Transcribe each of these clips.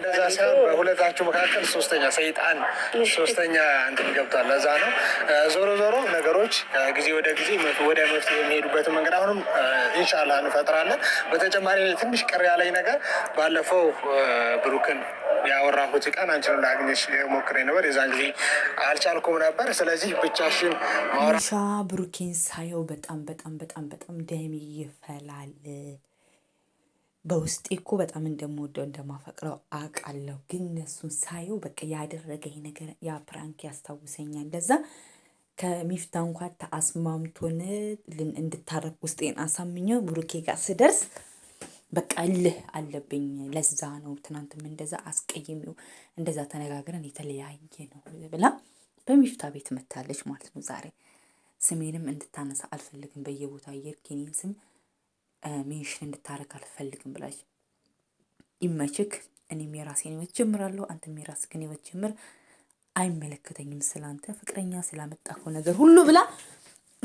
እንደዛ ሳይሆን በሁለታችሁ መካከል ሶስተኛ ሰይጣን ሶስተኛ እንትን ገብቷል። ለዛ ነው ዞሮ ዞሮ ነገሮች ጊዜ ወደ ጊዜ ወደ መፍትሄ የሚሄዱበትን መንገድ አሁንም እንሻላ እንፈጥራለን። በተጨማሪ ትንሽ ቅር ያለኝ ነገር ባለፈው ብሩክን ያወራሁት ቀን አንችን ላግኘሽ ሞክሬ ነበር። የዛን ጊዜ አልቻልኩም ነበር። ስለዚህ ብቻሽን ማውራት ብሩኬን ሳየው በጣም በጣም በጣም በጣም ደሜ ይፈላል። በውስጤ እኮ በጣም እንደምወደው እንደማፈቅረው አውቃለሁ። ግን እነሱን ሳየው በቃ ያደረገኝ ነገር ያ ፕራንክ ያስታውሰኛል። ለዛ ከሚፍታ እንኳን ተአስማምቶን እንድታረቅ ውስጤን አሳምኘው ብሩኬ ጋር ስደርስ በቃ እልህ አለብኝ። ለዛ ነው ትናንትም እንደዛ አስቀይሜው እንደዛ ተነጋግረን የተለያየ ነው ብላ በሚፍታ ቤት መታለች ማለት ነው። ዛሬ ስሜንም እንድታነሳ አልፈልግም። በየቦታው የርኬኔን ስም ሜንሽን እንድታረግ አልፈልግም ብላች። ይመችክ፣ እኔም የራሴን ህይወት ጀምራለሁ፣ አንተም የራስህን ህይወት ጀምር፣ አይመለከተኝም ስላንተ ፍቅረኛ ስላመጣፈው ነገር ሁሉ ብላ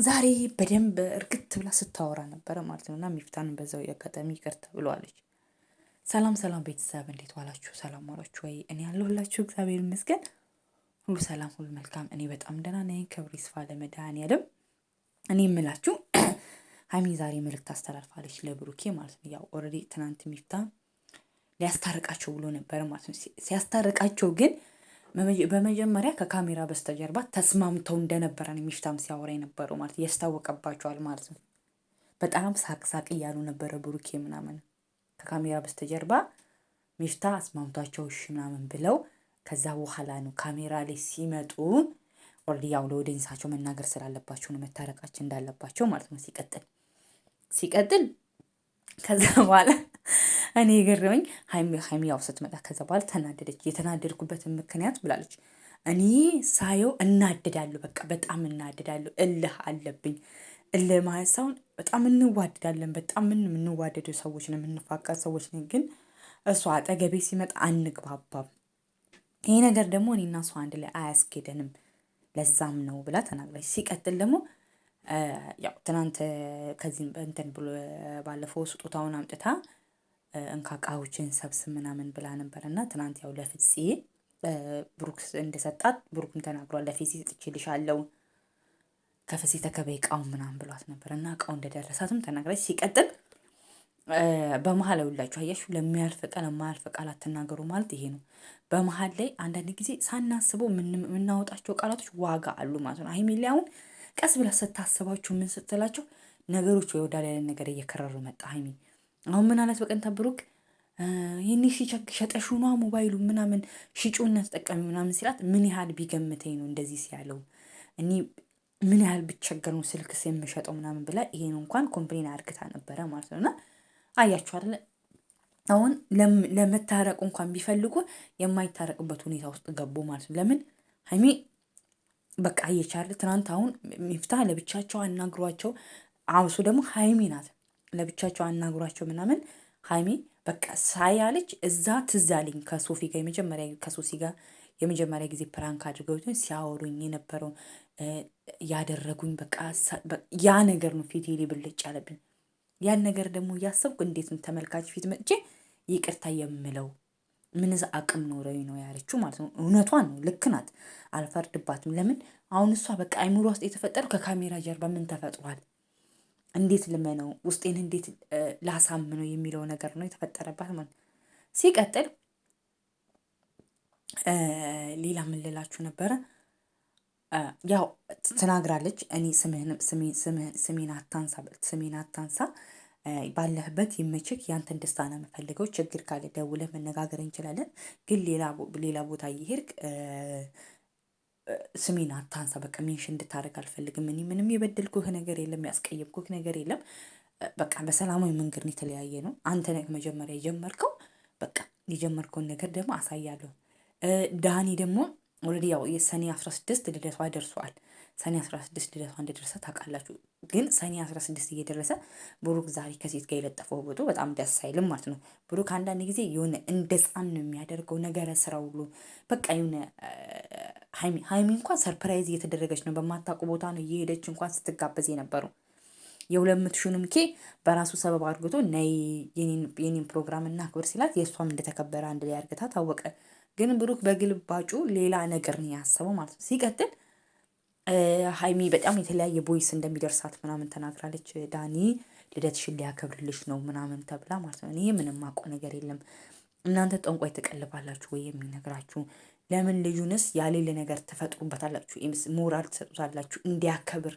ዛሬ በደንብ እርግት ብላ ስታወራ ነበረ ማለት ነው። እና ሚፍታን በዛው የአጋጣሚ ይቅርታ ብለዋለች። ሰላም ሰላም ቤተሰብ እንዴት ዋላችሁ? ሰላም ዋላችሁ ወይ? እኔ ያለሁላችሁ እግዚአብሔር ይመስገን ሁሉ ሰላም፣ ሁሉ መልካም። እኔ በጣም ደህና ነኝ። ክብር ይስፋ ለመድኃኔዓለም። እኔ የምላችሁ ሀይሚ ዛሬ መልእክት አስተላልፋለች ለብሩኬ ማለት ነው። ያው ኦልሬዲ ትናንት ሚፍታ ሊያስታርቃቸው ብሎ ነበር ማለት ነው። ሲያስታርቃቸው ግን በመጀመሪያ ከካሜራ በስተጀርባ ተስማምተው እንደነበረ ነው ሚፍታም ሲያወራ የነበረው ማለት ያስታወቀባቸዋል ማለት ነው። በጣም ሳቅሳቅ እያሉ ነበረ ብሩኬ ምናምን ከካሜራ በስተጀርባ ሚፍታ አስማምቷቸው እሺ ምናምን ብለው ከዛ በኋላ ነው ካሜራ ላይ ሲመጡ ኦልሬዲ ያው ለወደንሳቸው መናገር ስላለባቸው ነው መታረቃችን እንዳለባቸው ማለት ነው ሲቀጥል ሲቀጥል ከዛ በኋላ እኔ የገረመኝ ሀይሚ ያው ስትመጣ ከዛ በኋላ ተናደደች። የተናደድኩበትን ምክንያት ብላለች። እኔ ሳየው እናደዳለሁ፣ በቃ በጣም እናደዳለሁ፣ እልህ አለብኝ። እልህ ማለት ሳይሆን በጣም እንዋደዳለን፣ በጣም የምንዋደዱ ሰዎች ነው፣ የምንፋቀር ሰዎች ነው። ግን እሷ አጠገቤ ሲመጣ አንግባባም። ይሄ ነገር ደግሞ እኔና ሷ አንድ ላይ አያስኬደንም፣ ለዛም ነው ብላ ተናግራች። ሲቀጥል ደግሞ ያው ትናንት ከዚህ በእንትን ብሎ ባለፈው ስጦታውን አምጥታ እንካ እቃዎችን ሰብስብ ምናምን ብላ ነበር እና ትናንት ያው ለፍፄ ብሩክ እንደሰጣት ብሩክም ተናግሯል። ለፌዚ አለው ከፍሴ ተከበይ እቃውን ምናምን ብሏት ነበር እና እቃው እንደደረሳትም ተናግራች። ሲቀጥል በመሀል አውላችሁ አያችሁ፣ ለሚያልፍ ቀን የማያልፍ ቃል አትናገሩ ማለት ይሄ ነው። በመሀል ላይ አንዳንድ ጊዜ ሳናስበው የምናወጣቸው ቃላቶች ዋጋ አሉ ማለት ነው። አይሚሊያውን ቀስ ብላ ስታስባችሁ ምን ስትላችሁ ነገሮች ወይ ወዳለ ላይ ነገር እየከረሩ መጣ። ሀይሚ አሁን ምን አለት በቀን ተብሩክ ይህኔ ሲቸክ ሸጠሹ ኗ ሞባይሉ ምናምን ሽጩና ተጠቀሚ ምናምን ሲላት ምን ያህል ቢገምተኝ ነው እንደዚህ ሲያለው እኔ ምን ያህል ብቸገር ነው ስልክስ የምሸጠው ምናምን ብላ ይሄን እንኳን ኮምፕሌን አድርግታ ነበረ ማለት ነውና አያችሁ አይደለ አሁን ለመታረቁ እንኳን ቢፈልጉ የማይታረቅበት ሁኔታ ውስጥ ገቡ ማለት ነው። ለምን ሀይሚ በቃ እየቻለ ትናንት አሁን ሚፍታ ለብቻቸው አናግሯቸው፣ እሱ ደግሞ ሀይሚ ናት ለብቻቸው አናግሯቸው ምናምን ሀይሚ በቃ ሳያለች እዛ ትዝ አለኝ ከሶፊ ጋር የመጀመሪያ ከሶሲ ጋር የመጀመሪያ ጊዜ ፕራንክ አድርገውትን ሲያወሩኝ የነበረው ያደረጉኝ በቃ ያ ነገር ነው ፊት ሄሌ ብልጭ ያለብኝ ያን ነገር ደግሞ እያሰብኩ እንዴት ነው ተመልካች ፊት መጥቼ ይቅርታ የምለው? ምንስ አቅም ኖረኝ ነው ያለችው ማለት ነው። እውነቷን ነው፣ ልክ ናት። አልፈርድባትም። ለምን አሁን እሷ በቃ አይምሮ ውስጥ የተፈጠረው ከካሜራ ጀርባ ምን ተፈጥሯል፣ እንዴት ልመነው፣ ውስጤን እንዴት ላሳምነው የሚለው ነገር ነው የተፈጠረባት ማለት ነው። ሲቀጥል ሌላ ምን ልላችሁ ነበረ? ያው ትናግራለች። እኔ ስሜን አታንሳ ባለህበት ይመችክ። ያንተን ደስታ ነው የምፈልገው። ችግር ካለ ደውለህ መነጋገር እንችላለን። ግን ሌላ ቦታ እየሄድክ ስሜን አታንሳ። በቃ ሜንሽን እንድታደርግ አልፈልግም። እኔ ምንም የበደልኩህ ነገር የለም፣ ያስቀየምኩህ ነገር የለም። በቃ በሰላማዊ መንገድ ነው የተለያየ ነው። አንተ ነህ መጀመሪያ የጀመርከው። በቃ የጀመርከውን ነገር ደግሞ አሳያለሁ። ዳኒ ደግሞ ኦልሬዲ ያው የሰኔ አስራ ስድስት ልደቷ ደርሷል። ሰኔ 16 ልደቷ እንደደረሰ ታውቃላችሁ። ግን ሰኔ 16 እየደረሰ ብሩክ ዛሬ ከሴት ጋር የለጠፈው ፎቶ በጣም ደስ አይልም ማለት ነው። ብሩክ አንዳንድ ጊዜ የሆነ እንደ ህፃን ነው የሚያደርገው ነገረ ስራ ሁሉ በቃ የሆነ ሀይሚ እንኳን ሰርፕራይዝ እየተደረገች ነው። በማታውቁ ቦታ ነው እየሄደች እንኳን ስትጋበዝ የነበረው የሁለት መቶ ሺውንም ኬ በራሱ ሰበብ አድርግቶ ነይ የኔን ፕሮግራም እና ክብር ሲላት የእሷም እንደተከበረ አንድ ላይ አድርግታ ታወቀ። ግን ብሩክ በግልባጩ ሌላ ነገር ነው ያሰበው ማለት ነው ሲቀጥል ሀይሚ በጣም የተለያየ ቦይስ እንደሚደርሳት ምናምን ተናግራለች። ዳኒ ልደትሽን ሊያከብርልሽ ነው ምናምን ተብላ ማለት ነው። እኔ ምንም ማቆ ነገር የለም። እናንተ ጠንቋይ ትቀልባላችሁ ወይ የሚነግራችሁ ለምን ልዩንስ ያሌለ ነገር ትፈጥሩበታላችሁ? ሞራል ትሰጡታላችሁ እንዲያከብር።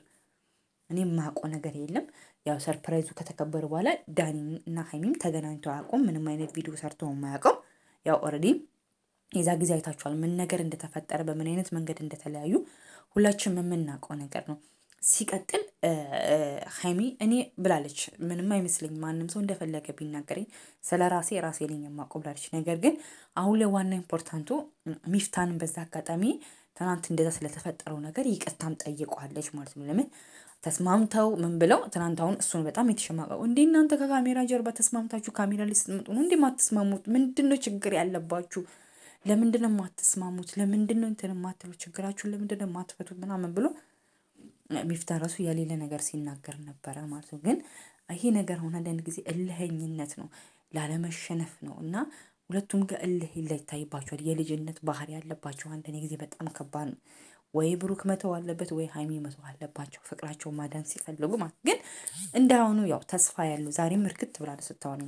እኔ ማቆ ነገር የለም። ያው ሰርፕራይዙ ከተከበረ በኋላ ዳኒ እና ሀይሚም ተገናኝተው አያውቁም። ምንም አይነት ቪዲዮ ሰርተው አያውቁም። ያው ኦልሬዲ የዛ ጊዜ አይታችኋል፣ ምን ነገር እንደተፈጠረ በምን አይነት መንገድ እንደተለያዩ ሁላችንም የምናውቀው ነገር ነው። ሲቀጥል ሀይሚ እኔ ብላለች ምንም አይመስለኝ ማንም ሰው እንደፈለገ ቢናገረኝ ስለ ራሴ ራሴ ነኝ የማውቀው ብላለች። ነገር ግን አሁን ላይ ዋና ኢምፖርታንቱ ሚፍታንን በዛ አጋጣሚ ትናንት እንደዛ ስለተፈጠረው ነገር ይቅርታም ጠይቋለች ማለት ነው። ለምን ተስማምተው ምን ብለው ትናንት አሁን እሱን በጣም የተሸማቀው እንዲ እናንተ ከካሜራ ጀርባ ተስማምታችሁ ካሜራ ላይ ስትመጡ ነው እንዲ ማትስማሙት? ምንድን ነው ችግር ያለባችሁ? ለምንድን ነው የማትስማሙት? ለምንድን ነው እንትን የማትሉ? ችግራችሁን ለምንድን ነው የማትፈቱት? ምናምን ብሎ ሚፍታ ራሱ የሌለ ነገር ሲናገር ነበረ ማለት ነው። ግን ይሄ ነገር አሁን አንዳንድ ጊዜ እልህኝነት ነው፣ ላለመሸነፍ ነው እና ሁለቱም ጋር እልህ ይታይባቸዋል። የልጅነት ባህሪ ያለባቸው አንዳንድ ጊዜ በጣም ከባድ ነው። ወይ ብሩክ መተው አለበት ወይ ሀይሚ መተው አለባቸው፣ ፍቅራቸው ማዳን ሲፈልጉ ማለት ግን እንዳሁኑ ያው ተስፋ ያለው ዛሬም እርክት ብላ ስታወራ